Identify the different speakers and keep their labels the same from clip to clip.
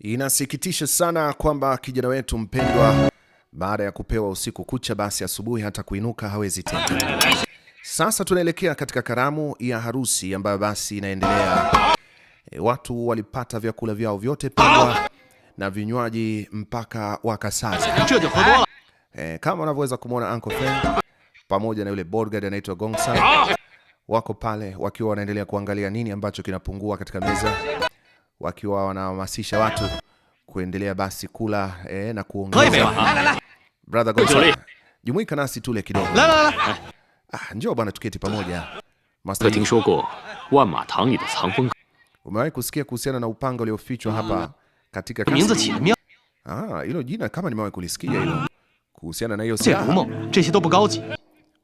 Speaker 1: Inasikitisha sana kwamba kijana wetu mpendwa baada ya kupewa usiku kucha, basi asubuhi hata kuinuka hawezi tena. Sasa tunaelekea katika karamu ya harusi ambayo basi inaendelea. E, watu walipata vyakula vyao vyote pendwa na vinywaji mpaka wakasaza. E, kama unavyoweza kumwona Uncle Feng pamoja na yule bodyguard anaitwa Gongsa wako pale wakiwa wanaendelea kuangalia nini ambacho kinapungua katika meza wakiwa wanahamasisha watu kuendelea basi kula eh, na
Speaker 2: kuongeza.
Speaker 1: Brother Gonzalo, jumuika nasi tule kidogo.
Speaker 2: Ah,
Speaker 1: njoo bwana tuketi pamoja. Umewahi kusikia kuhusiana na upanga uliofichwa hapa mm. katika kasi? Ah, hilo jina kama nimewahi kulisikia hilo. Kuhusiana na hiyo silaha.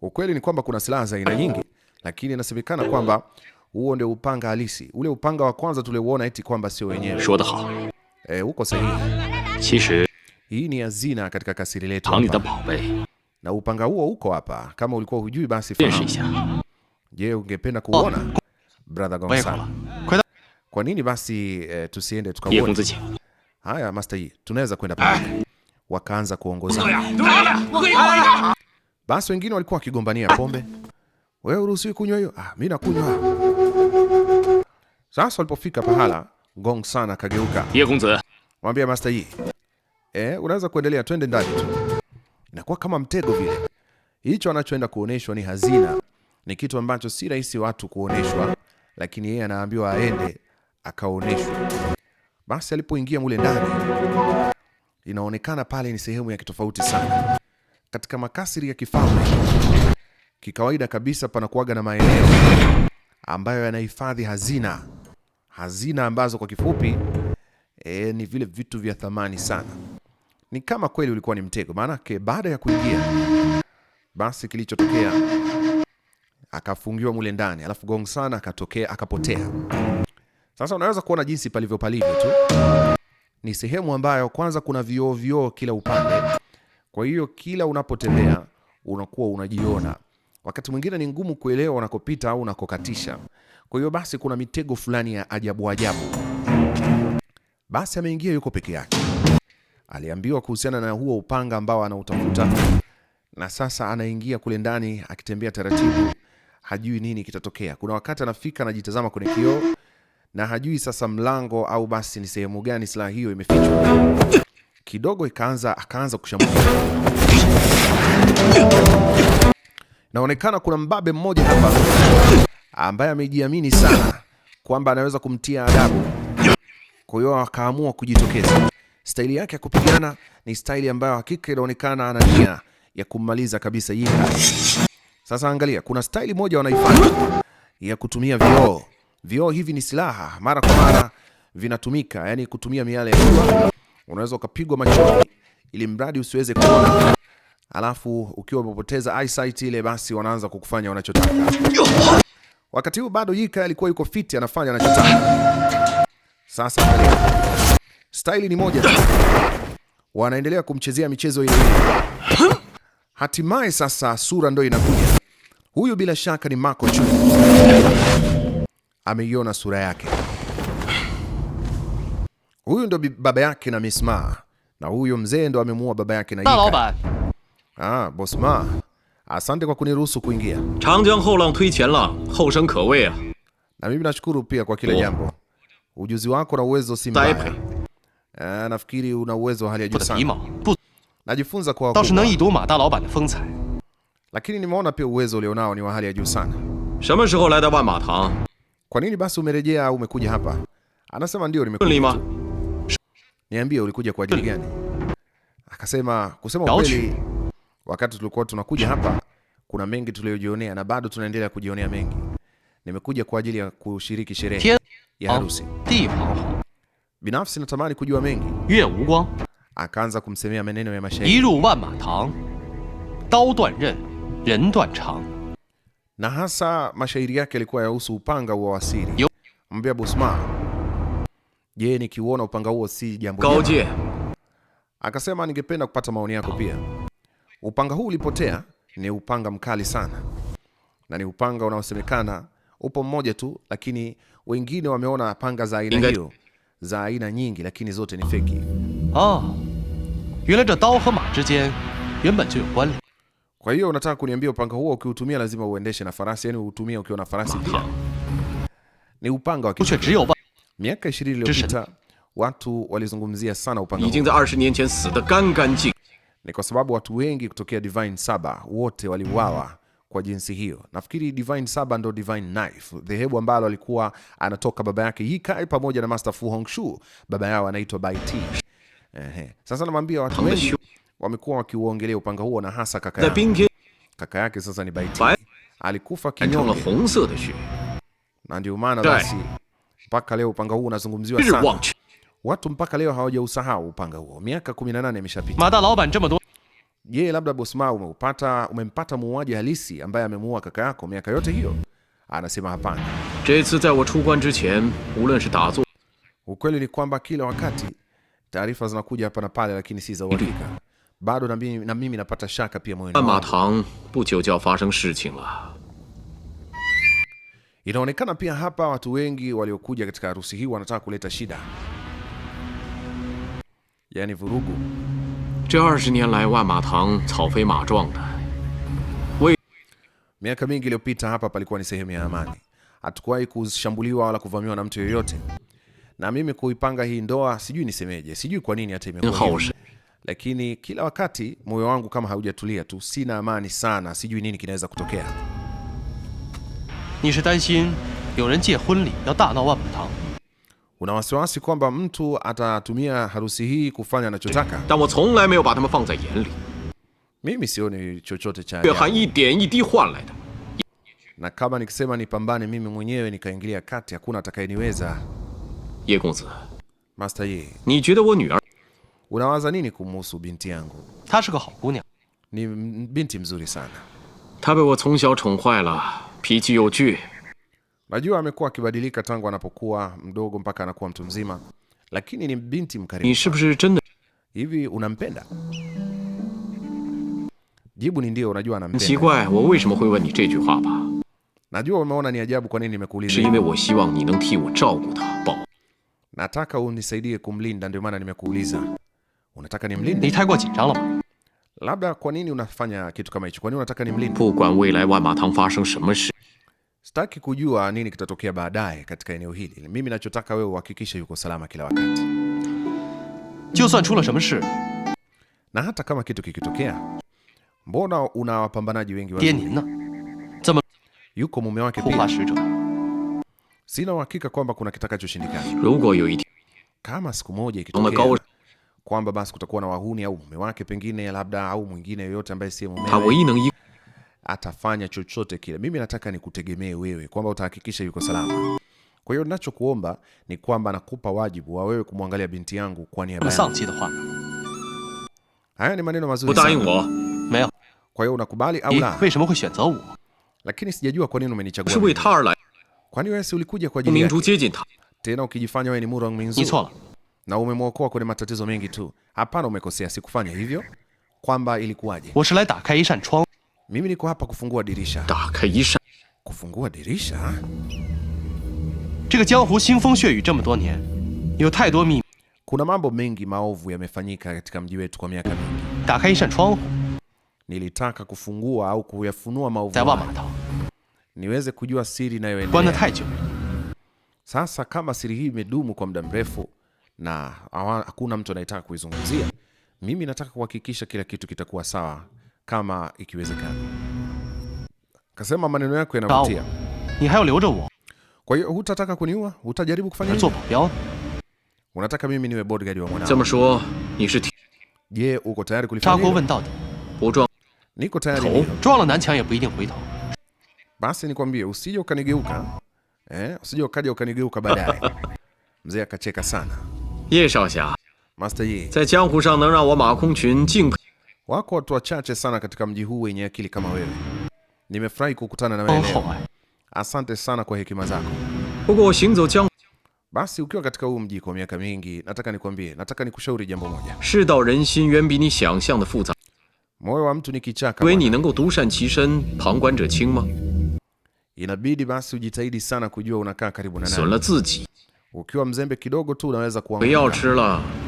Speaker 1: Ukweli ni kwamba kuna silaha za aina nyingi, lakini inasemekana kwamba huo ndio upanga halisi. Ule upanga wa kwanza tuliuona eti kwamba sio wenyewe. Eh, uko sahihi. Hii ni hazina katika kasiri letu.
Speaker 2: ni baobei.
Speaker 1: Na upanga huo uko hapa. Kama ulikuwa hujui basi
Speaker 2: fahamu.
Speaker 1: Je, ungependa kuona? Brother Gonzalo. Kwa nini basi eh, tusiende tukaone? Haya, Master Yi, tunaweza kwenda pamoja. Wakaanza kuongoza. Basi wengine walikuwa wakigombania pombe. Wewe uruhusiwi kunywa hiyo? Ah, mimi nakunywa. Sasa walipofika pahala, Gong San akageuka. Ye Kongzi. mwambie Master Yi. Eh, unaweza kuendelea, twende ndani tu. Inakuwa kama mtego vile. Hicho anachoenda kuoneshwa ni hazina. Ni kitu ambacho si rahisi watu kuoneshwa, lakini yeye anaambiwa aende akaoneshwe. Basi alipoingia mule ndani, inaonekana pale ni sehemu ya kitofauti sana. Katika makasiri ya kifalme kikawaida kabisa panakuwaga na maeneo ambayo yanahifadhi hazina hazina ambazo kwa kifupi e, ni vile vitu vya thamani sana. Ni kama kweli ulikuwa ni mtego, maanake baada ya kuingia basi kilichotokea akafungiwa mule ndani, alafu gong sana akatokea, akapotea. Sasa unaweza kuona jinsi palivyo palivyo tu, ni sehemu ambayo kwanza kuna vioo vioo kila upande, kwa hiyo kila unapotembea unakuwa unajiona wakati mwingine ni ngumu kuelewa unakopita au unakokatisha. Kwa hiyo basi kuna mitego fulani ya ajabu ajabu. Basi ameingia yuko peke yake, aliambiwa kuhusiana na huo upanga ambao anautafuta, na sasa anaingia kule ndani akitembea taratibu, hajui nini kitatokea. Kuna wakati anafika anajitazama kwenye kioo na hajui sasa mlango au basi ni sehemu gani silaha hiyo imefichwa. Kidogo ikaanza akaanza kushambulia naonekana kuna mbabe mmoja hapa ambaye amejiamini sana kwamba anaweza kumtia adabu, kwa hiyo akaamua kujitokeza. Staili yake ya kupigana ni staili ambayo hakika inaonekana ana nia ya kummaliza kabisa Yika. Sasa angalia, kuna staili moja wanaifanya ya kutumia vioo. Vioo hivi ni silaha, mara kwa mara vinatumika, yani kutumia miale ya jua, unaweza ukapigwa machoni ili mradi usiweze kuona alafu ukiwa umepoteza eyesight ile, basi wanaanza kukufanya wanachotaka. Wakati huu bado Yika alikuwa yuko fit, anafanya anachotaka. Sasa style ni moja, wanaendelea kumchezea michezo ile ile. Hatimaye sasa sura ndo inakuja. Huyu bila shaka ni Mako Chu, ameiona sura yake. Huyu ndo baba yake na Ma, na huyo mzee ndo amemuua baba yake na Yika. Ah, Bosma. Asante kwa kuniruhusu kuingia.
Speaker 2: Changjiang houlang tui qianlang, housheng kewei ah.
Speaker 1: Na mimi nashukuru pia kwa kila oh. jambo. Ujuzi wako na uwezo si mbaya. Ah, nafikiri una uwezo hali ya juu sana. Najifunza kwa
Speaker 2: wakubwa.
Speaker 1: Lakini nimeona pia uwezo ulionao ni wa hali ya juu sana. Kwa nini basi umerejea au umekuja hapa? Anasema ndio nimekuja. Niambie ulikuja kwa ajili gani? Akasema kusema ukweli wakati tulikuwa tunakuja hapa, kuna mengi tuliyojionea na bado tunaendelea kujionea mengi. Nimekuja kwa ajili ya kushiriki sherehe
Speaker 2: ya harusi. Oh,
Speaker 1: Binafsi natamani kujua mengi. akaanza kumsemea maneno ya mashairi. Na hasa mashairi yake yalikuwa yahusu upanga wa wasiri. Mbea Busma, je, nikiuona upanga huo si jambo Akasema ningependa kupata maoni yako pia. Upanga huu ulipotea, ni upanga mkali sana, na ni upanga unaosemekana upo mmoja tu, lakini wengine wameona panga za aina hiyo za aina nyingi, lakini zote ni feki.
Speaker 2: Ah, yule dao ma
Speaker 1: Kwa hiyo unataka kuniambia upanga huo ukiutumia lazima uendeshe na farasi, yani utumie ukiwa na farasi pia. Ni upanga wa miaka 20 iliyopita watu walizungumzia sana upanga
Speaker 2: huo.
Speaker 1: Ni kwa sababu watu wengi kutokea Divine Saba wote waliuawa kwa jinsi hiyo. Nafikiri Divine Saba ndo Divine Knife, dhehebu ambalo alikuwa anatoka baba yake Ye Kai pamoja na Master Fu Hongxue, baba yao anaitwa Bai Ti. Ehe. Sasa namwambia watu wengi wamekuwa wakiuongelea upanga huo na hasa kaka yake. Kaka yake sasa ni Bai Ti. Alikufa
Speaker 2: kinyonge.
Speaker 1: Na ndio maana basi mpaka leo upanga huu unazungumziwa sana. Watu mpaka leo hawajausahau upanga huo. Miaka 18 imeshapita.
Speaker 2: Mada laoban zema do.
Speaker 1: Je, labda boss Mao umempata umempata muuaji halisi ambaye amemuua kaka yako miaka yote hiyo? Anasema hapana. Ukweli ni kwamba kila wakati taarifa zinakuja hapa na pale, lakini si za uhakika. Bado na mimi na mimi napata shaka pia
Speaker 2: moyoni.
Speaker 1: Inaonekana pia hapa watu wengi waliokuja katika harusi hii wanataka kuleta shida yani vurugu. Miaka mingi iliyopita hapa palikuwa ni sehemu ya amani, hatukuwahi kushambuliwa wala kuvamiwa na mtu yoyote. Na mimi kuipanga hii ndoa, sijui nisemeje, sijui kwa nini hata imekuwa lakini kila wakati moyo wangu kama haujatulia tu, sina amani sana, sijui nini kinaweza kutokea.
Speaker 2: ni shi danshin you jie hun yao da nao wanmen
Speaker 1: una wasiwasi kwamba mtu atatumia harusi hii kufanya anachotaka. Mimi sioni chochote cha na kama nikisema nipambane mimi mwenyewe nikaingilia kati, hakuna atakayeniweza. Master Ye,
Speaker 2: ni jue wo nuer,
Speaker 1: unawaza nini kumhusu binti yangu?
Speaker 2: Ta shi ge hao gunyang,
Speaker 1: ni binti mzuri sana.
Speaker 2: Ta bei wo cong chong huai la, pi you ju
Speaker 1: Najua amekuwa akibadilika tangu anapokuwa mdogo mpaka anakuwa mtu mzima, lakini ni binti mkarimu. Hivi unampenda? Jibu ni ndio. Unajua
Speaker 2: anampenda.
Speaker 1: Najua umeona ni ajabu kwa nini nimekuuliza. Nataka unisaidie kumlinda, ndio maana nimekuuliza. Unataka nimlinde? Labda kwa nini unafanya kitu kama hicho? Kwa nini unataka nimlinde? Sitaki kujua nini kitatokea baadaye katika eneo hili. Mimi nachotaka wewe uhakikishe yuko salama kila wakati, na hata kama kitu kikitokea. Mbona una wapambanaji wengi Yuko mume wake pia. Sina uhakika kwamba kuna kitakachoshindikana. Kama siku moja ikitokea kwamba basi kutakuwa na wahuni au mume wake pengine labda, au mwingine yoyote ambaye si
Speaker 2: mume
Speaker 1: atafanya chochote kile. Mimi nataka nikutegemee wewe kwamba utahakikisha yuko salama. Kwa hiyo ninachokuomba ni kwamba nakupa wajibu wa wewe kumwangalia binti yangu kwa niaba yangu. Haya ni maneno mazuri
Speaker 2: sana.
Speaker 1: Kwa hiyo unakubali au la? Lakini sijajua kwa nini
Speaker 2: umenichagua.
Speaker 1: Kwani wewe si ulikuja kwa ajili yake? Tena ukijifanya wewe ni Murong Minzu na umemwokoa kwenye matatizo mengi tu. Hapana, umekosea, sikufanya hivyo. Kwamba ilikuwaje? Mimi niko hapa kufungua dirisha. Kufungua dirisha? Kuna mambo mengi maovu yamefanyika katika mji wetu kwa miaka
Speaker 2: mingi.
Speaker 1: Nilitaka kufungua au kuyafunua maovu. Niweze kujua siri
Speaker 2: inayoendelea.
Speaker 1: Sasa kama siri hii imedumu kwa muda mrefu na hakuna mtu anayetaka kuizungumzia, mimi nataka kuhakikisha kila kitu kitakuwa sawa kama ikiwezekana. Kasema maneno yako yanavutia. Kwa hiyo hutataka kuniua? Hutajaribu
Speaker 2: kufanya hivyo?
Speaker 1: Unataka mimi niwe bodyguard wa mwanangu? Je, uko tayari kulifanya? Niko
Speaker 2: tayari.
Speaker 1: Basi nikwambie usije ukanigeuka. Eh, usije ukaja ukanigeuka baadaye. Mzee akacheka sana.
Speaker 2: Ye Shaoxia. Master Yi. Zai jianghu shang neng rang wo ma
Speaker 1: Wako watu wachache sana katika mji huu wenye akili kama wewe. Nimefurahi kukutana na wewe leo. Asante sana kwa hekima zako. Basi ukiwa katika huu mji kwa miaka mingi, nataka nikwambie, nataka nikushauri jambo moja. Moyo wa mtu ni kichaka. Inabidi basi ujitahidi sana kujua unakaa karibu na nani. Ukiwa mzembe kidogo tu unaweza
Speaker 2: kuanguka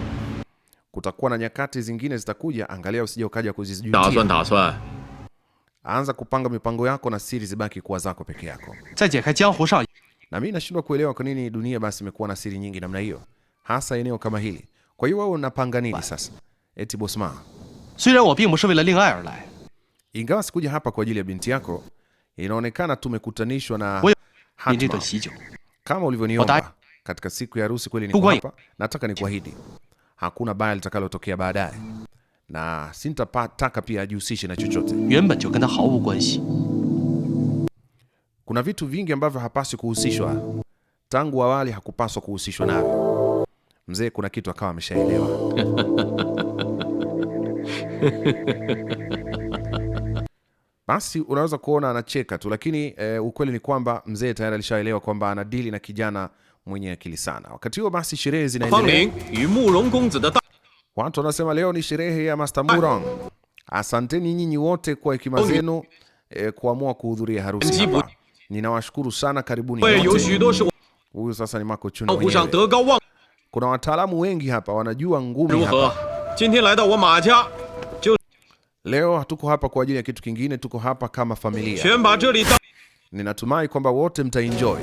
Speaker 1: kutakuwa na nyakati zingine zitakuja, angalia usije ukaja
Speaker 2: kuzijutia.
Speaker 1: Anza kupanga mipango yako na siri zibaki kuwa zako peke yako. Na mimi nashindwa kuelewa kwa nini dunia basi imekuwa na siri nyingi namna hiyo, hasa eneo kama hili. Kwa hiyo wewe unapanga nini sasa? Eti boss ma. Ingawa sikuja hapa kwa ajili ya binti yako, inaonekana tumekutanishwa na hatma. Kama
Speaker 2: ulivyoniomba
Speaker 1: katika siku ya harusi kweli niko hapa, nataka nikuahidi hakuna baya litakalotokea baadaye, na sintataka pia ajihusishe na chochote. Kuna vitu vingi ambavyo hapaswi kuhusishwa, tangu awali hakupaswa kuhusishwa navyo. Mzee kuna kitu akawa ameshaelewa. Basi unaweza kuona anacheka tu, lakini eh, ukweli ni kwamba mzee tayari alishaelewa kwamba anadili na kijana mwenye akili sana. Wakati huo basi, sherehe
Speaker 2: zinaendelea.
Speaker 1: Watu wanasema leo ni sherehe ya Master Murong. Asanteni nyinyi wote kwa hekima zenu e, kuamua kuhudhuria harusi hapa. Ninawashukuru sana, karibuni
Speaker 2: wote.
Speaker 1: Huyu sasa ni Mako
Speaker 2: Chun mwenyewe.
Speaker 1: Kuna wataalamu wengi hapa wanajua ngumi hapa. Leo hatuko hapa kwa ajili ya kitu kingine, tuko hapa kama familia. Ninatumai kwamba wote mtaenjoy.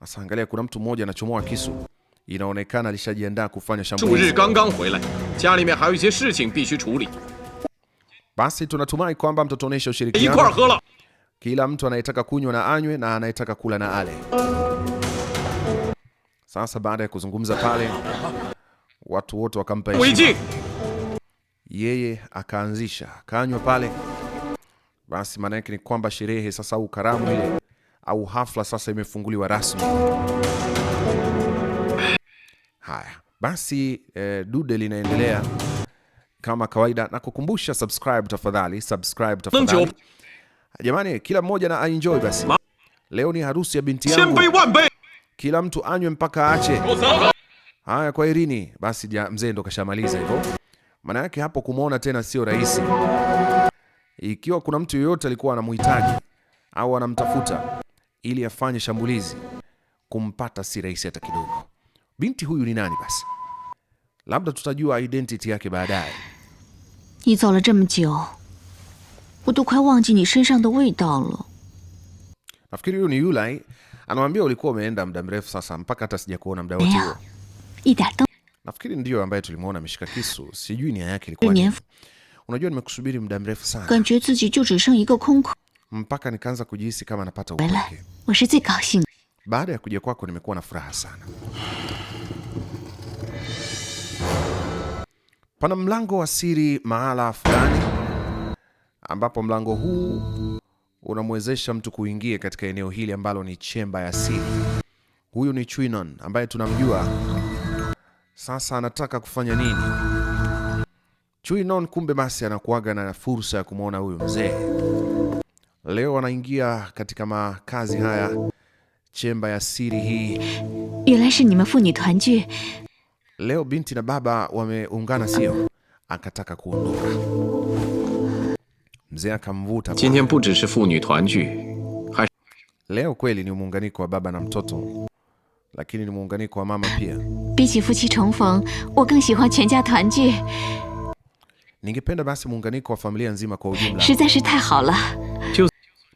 Speaker 1: Sasa angalia, kuna mtu mmoja anachomoa kisu. Inaonekana alishajiandaa kufanya shambulizi. Basi tunatumai kwamba mtatuonesha ushirikiano. Kila mtu anayetaka kunywa na anywe na anayetaka kula na ale. Sasa baada ya kuzungumza pale, watu wote wakampa heshima. Yeye akaanzisha, kanywa pale. Basi maana yake ni kwamba sherehe sasa au karamu ile au hafla sasa imefunguliwa rasmi. Haya basi, eh, dude linaendelea kama kawaida, na kukumbusha subscribe, tafadhali subscribe, tafadhali jamani, kila mmoja na enjoy. Basi leo ni harusi ya binti yangu, kila mtu anywe mpaka aache. Haya, kwa irini basi, Ja, mzee ndo kashamaliza hivyo. Maana yake hapo kumwona tena sio rahisi. Ikiwa kuna mtu yoyote alikuwa anamhitaji au anamtafuta ili afanye shambulizi kumpata si rahisi hata kidogo. Binti huyu ni nani basi? Labda tutajua identity yake baadaye. Nafikiri huyu ni Yulai, anamwambia, ulikuwa umeenda muda mrefu sasa, mpaka hata sijakuona muda wote huo. Nafikiri ndiyo ambaye tulimwona ameshika kisu, sijui nia yake ilikuwa nini. Unajua nimekusubiri muda mrefu sana mpaka nikaanza kujihisi kama napata upweke. Baada ya kuja kwako nimekuwa na furaha sana. Pana mlango wa siri mahala fulani, ambapo mlango huu unamwezesha mtu kuingia katika eneo hili ambalo ni chemba ya siri. Huyu ni Chuinon ambaye tunamjua. Sasa anataka kufanya nini? Chuinon kumbe basi anakuaga na fursa ya kumwona huyu mzee Leo wanaingia katika makazi haya, chemba ya siri hii. Leo binti na baba wameungana, sio? Akataka kuondoka, mzee akamvuta. Leo kweli ni muunganiko wa baba na mtoto, lakini ni muunganiko wa mama pia. Ningependa basi muunganiko wa familia nzima kwa ujumla.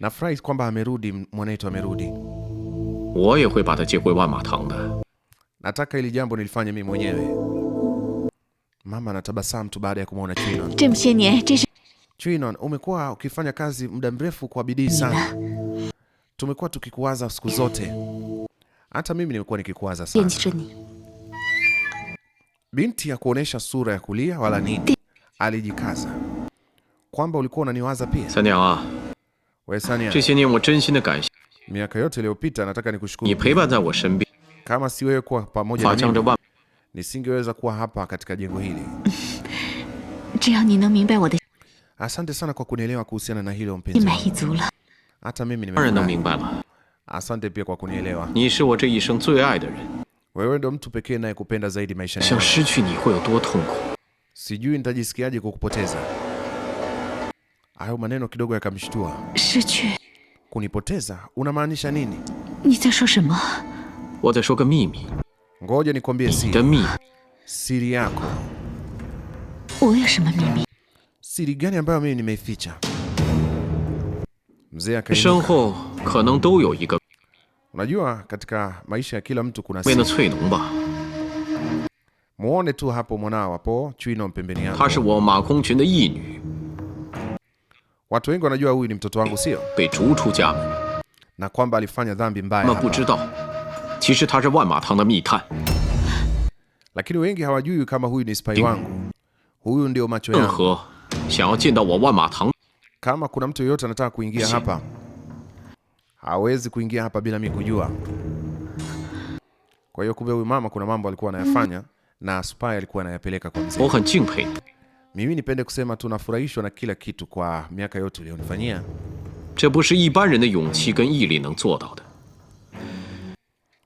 Speaker 1: Nafurahi kwamba amerudi, mwanayetu amerudi. Nataka ili jambo nilifanye mimi mwenyewe. Mama anatabasamu tu baada ya kumwona Chinon. Chinon, umekuwa ukifanya kazi muda mrefu kwa bidii sana. Tumekuwa tukikuwaza siku zote, hata mimi nimekuwa nikikuwaza sana. Binti ya kuonesha sura ya kulia wala nini, alijikaza kwamba ulikuwa unaniwaza pia.
Speaker 2: 这些年我真心的感谢。
Speaker 1: miaka yote iliyopita nataka nikushukuru kama si wewe kuwa pamoja na mimi nisingeweza kuwa hapa katika jengo hili. Asante sana kwa kunielewa kuhusiana na hilo
Speaker 3: mpenzi
Speaker 2: Hata mimi
Speaker 1: Asante pia kwa kunielewa. Wewe ndo mtu pekee naye kupenda zaidi maisha yangu. Sijui nitajisikiaje kukupoteza. Hayo maneno kidogo yakamshtua. Kunipoteza unamaanisha nini? Ngoja nikwambie siri. Siri yako. Siri gani ambayo mimi nimeificha? Mzee akainuka. Unajua, katika maisha ya kila mtu kuna siri. Muone tu hapo mwanao hapo, Chui na
Speaker 2: yako.
Speaker 1: Watu wengi wanajua huyu ni mtoto wangu, sio? Na kwamba alifanya dhambi mbaya. Lakini wengi hawajui kama huyu ni spai wangu. Huyu ndio macho yangu. Kama kuna mtu yoyote anataka kuingia hapa, hawezi kuingia hapa bila mimi kujua. Kwa hiyo kumbe huyu mama kuna mambo alikuwa anayafanya na spai alikuwa anayapeleka kwa
Speaker 2: mzee.
Speaker 1: Mimi nipende kusema tunafurahishwa na kila kitu kwa miaka yote ulionifanyia.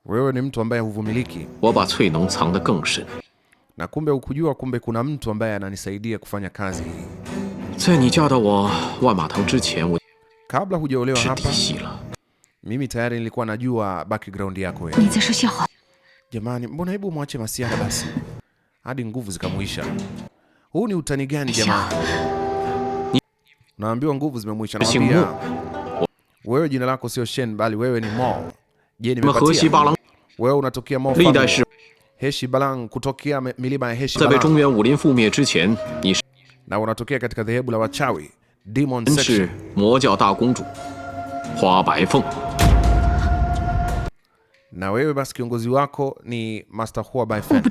Speaker 1: Wewe ni mtu ambaye huvumiliki. Na kumbe ukujua, kumbe kuna mtu ambaye ananisaidia kufanya kazi hii. Kabla hujaolewa hapa, mimi tayari nilikuwa najua background yako wewe. Jamani, mbona hebu mwache Masiara basi hadi nguvu zikamuisha. Huu ni utani gani jamani? Naambiwa nguvu zimemwisha. Naambia wewe, jina lako sio Shen bali wewe ni Mo. Je, nimepatia wewe unatokea Mo Heshi Balang kutokea milima ya Heshi
Speaker 2: Balang.
Speaker 1: Na unatokea katika dhehebu la wachawi Demon Section. Na wewe basi kiongozi wako ni Master Hua Baifeng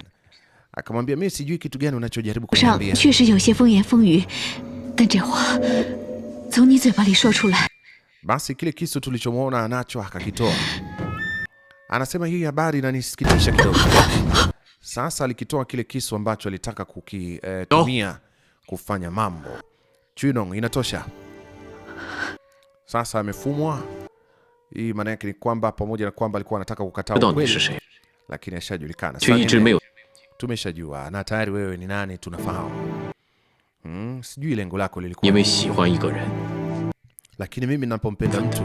Speaker 1: akamwambia mimi sijui kitu gani unachojaribu
Speaker 3: kuniambia. dan zhe hua zong ni zui ba li shuo chu lai.
Speaker 1: Basi kile kisu tulichomwona anacho akakitoa. Anasema hii habari inanisikitisha kidogo. Sasa alikitoa kile kisu ambacho alitaka kukitumia eh, kufanya mambo. Chinong, inatosha. Sasa amefumwa. Hii maana yake ni kwamba pamoja na kwamba alikuwa anataka kukataa ukweli, lakini ashajulikana.
Speaker 2: sasa
Speaker 1: tumeshajua na tayari wewe ni nani tunafahamu. Hmm, sijui lengo lako lilikuwa lakini mimi napompenda mtu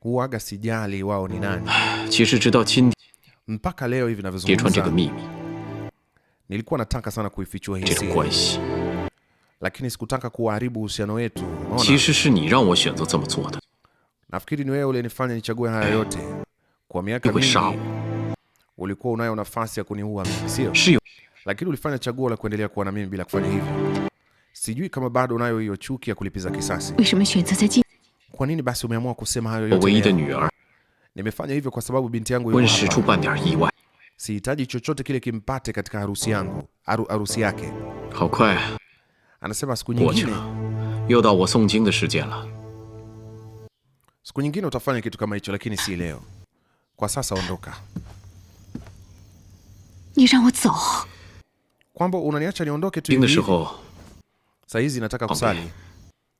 Speaker 1: huaga sijali wao ni nani.
Speaker 2: Ah,
Speaker 1: Mpaka leo hivi
Speaker 2: navyozungumza,
Speaker 1: nilikuwa nataka sana kuifichua hii, lakini sikutaka kuharibu uhusiano wetu. Nafikiri ni wewe ulenifanya nichague haya yote kwa miaka
Speaker 2: mingi
Speaker 1: ulikuwa unayo nafasi ya kuniua mimi, sio? Lakini ulifanya chaguo la kuendelea kuwa na mimi bila kufanya hivyo. Sijui kama bado unayo hiyo chuki ya kulipiza kisasi. Kwa nini basi umeamua kusema
Speaker 2: hayo yote?
Speaker 1: Nimefanya hivyo kwa sababu binti yangu
Speaker 2: yuko hapa.
Speaker 1: Sihitaji chochote kile kimpate katika harusi yangu, harusi yake. Anasema siku nyingine. Siku nyingine utafanya kitu kama hicho, lakini si leo. Kwa sasa ondoka. 你让我走，kwamba unaniacha niondoke tu hivi Sasa hizi nataka kusali,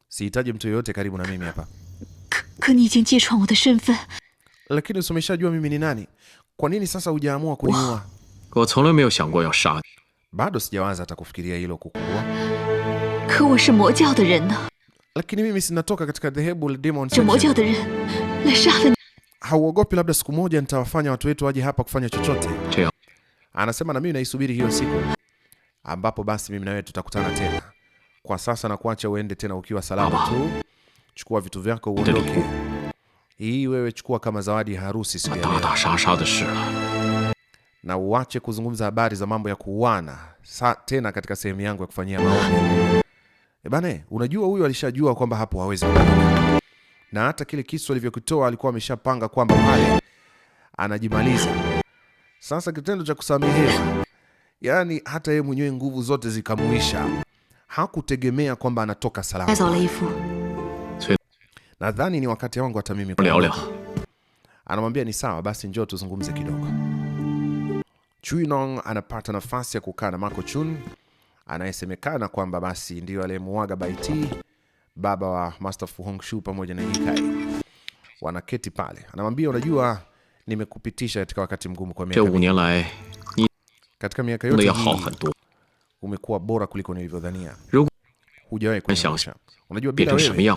Speaker 1: sihitaji mtu yeyote karibu na mimi hapa.
Speaker 3: 可可你已经揭穿我的身份
Speaker 1: ，Lakini si umeshajua mimi ni nani? Kwa nini sasa hujaamua kuniua? Bado sijawaza hata kufikiria hilo kukuua, Lakini mimi sinatoka katika dhehebu la Demon
Speaker 3: 这魔教 Section. 的人来杀了你
Speaker 1: ，Hauogopi labda siku moja nitawafanya watu wetu waje hapa kufanya chochote? 这样，Anasema na mimi naisubiri hiyo siku ambapo basi mimi na wewe tutakutana tena. Kwa sasa na kuacha uende tena ukiwa salama tu, chukua vitu vyako uondoke. Hii wewe chukua kama zawadi ya harusi
Speaker 2: siku ya leo,
Speaker 1: na uache kuzungumza habari za mambo ya kuuana tena katika sehemu yangu ya kufanyia maombi. E bane, unajua huyu alishajua kwamba hapo hawezi, na hata kile kisu alivyokitoa alikuwa ameshapanga kwamba pale anajimaliza. Sasa kitendo cha kusamehewa, yani hata yeye mwenyewe nguvu zote zikamuisha, hakutegemea kwamba anatoka salama. Nadhani ni wakati wangu hata mimi. Anamwambia ni sawa basi, njoo tuzungumze kidogo. Chuinong anapata nafasi ya kukaa na Ma Kongqun anayesemekana kwamba basi ndiyo aliyemuaga Baiti, baba wa Master Fu Hongxue pamoja na Ye Kai. Wanaketi pale, anamwambia unajua nimekupitisha katika wakati mgumu kwa
Speaker 2: miaka Katika miaka yote hii
Speaker 1: umekuwa bora kuliko nilivyodhania. Hujawahi
Speaker 2: kuniangusha. Unajua bila wewe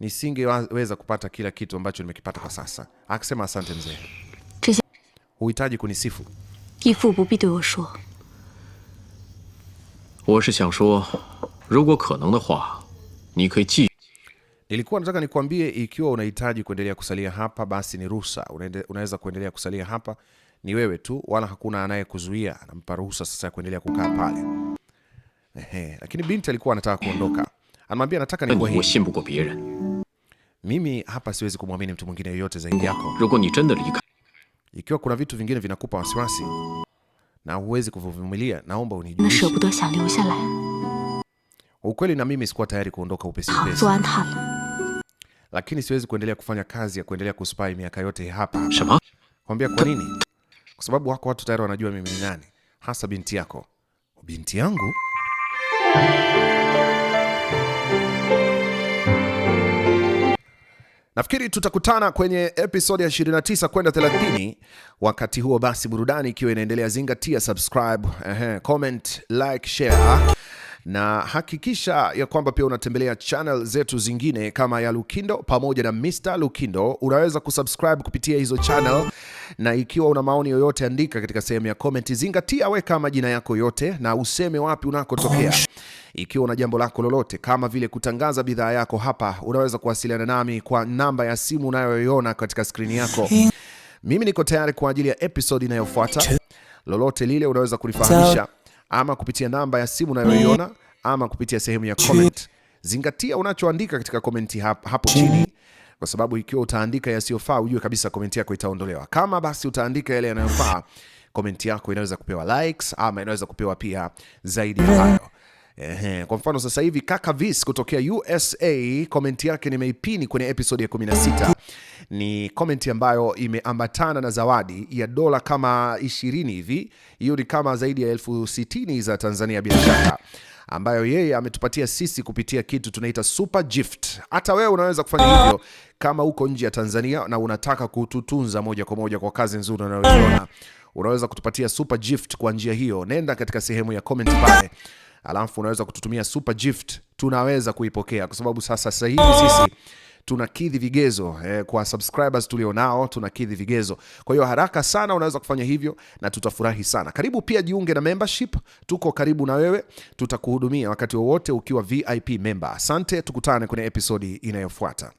Speaker 1: nisingeweza kupata kila kitu ambacho nimekipata kwa sasa. Akasema asante mzee. Huhitaji kunisifu. Nilikuwa nataka nikwambie, ikiwa unahitaji kuendelea kusalia hapa, basi ni ruhusa, unaweza kuendelea kusalia hapa, ni wewe tu, wala hakuna anayekuzuia. Anampa ruhusa sasa ya kuendelea kukaa pale. Ehe, lakini binti alikuwa anataka kuondoka, anamwambia nataka nikuwe mimi hapa, siwezi kumwamini mtu mwingine yoyote zaidi yako. Ikiwa kuna vitu vingine vinakupa wasiwasi na huwezi kuvumilia, naomba unijulishe. Ukweli na mimi sikuwa tayari kuondoka upesi upesi. Ah, lakini siwezi kuendelea kufanya kazi ya kuendelea kuspy miaka yote hapa. Kwambia kwa nini? Kwa sababu wako watu tayari wanajua mimi ni nani, hasa binti yako. Binti yangu? Nafikiri tutakutana kwenye episodi ya 29 kwenda 30. Wakati huo basi, burudani ikiwa inaendelea, zingatia subscribe, comment, like, share na hakikisha ya kwamba pia unatembelea channel zetu zingine kama ya Lukindo pamoja na Mr Lukindo. Unaweza kusubscribe kupitia hizo channel, na ikiwa una maoni yoyote andika katika sehemu ya comment. Zingatia, weka majina yako yote na useme wapi unakotokea. Ikiwa una jambo lako lolote kama vile kutangaza bidhaa yako hapa, unaweza kuwasiliana nami kwa namba ya simu unayoiona katika skrini yako. Mimi niko tayari kwa ajili ya episode inayofuata. Lolote lile unaweza kunifahamisha ama kupitia namba ya simu unayoiona ama kupitia sehemu ya comment. Zingatia unachoandika katika komenti hapo chini, kwa sababu ikiwa utaandika yasiyofaa, ujue kabisa komenti yako itaondolewa. Kama basi utaandika yale yanayofaa, komenti yako inaweza kupewa likes ama inaweza kupewa pia zaidi ya hayo. Ehe, kwa mfano sasa hivi kaka Vis kutokea USA komenti yake nimeipini kwenye episode ya 16. Ni komenti ambayo imeambatana na zawadi ya dola kama 20 hivi, hiyo ni kama zaidi ya elfu sitini za Tanzania bila shaka ambayo yeye ametupatia sisi kupitia kitu tunaita super gift. Hata wewe unaweza kufanya hivyo kama uko nje ya Tanzania na unataka kututunza moja kwa moja kwa kazi nzuri unayoiona, unaweza kutupatia super gift kwa njia hiyo. Nenda katika sehemu ya comment pale alafu unaweza kututumia super gift, tunaweza kuipokea kwa sababu sasa sasa hivi sisi tunakidhi vigezo eh, kwa subscribers tulionao tunakidhi vigezo. Kwa hiyo haraka sana unaweza kufanya hivyo na tutafurahi sana. Karibu pia jiunge na membership, tuko karibu na wewe, tutakuhudumia wakati wowote ukiwa VIP member. Asante, tukutane kwenye episodi inayofuata.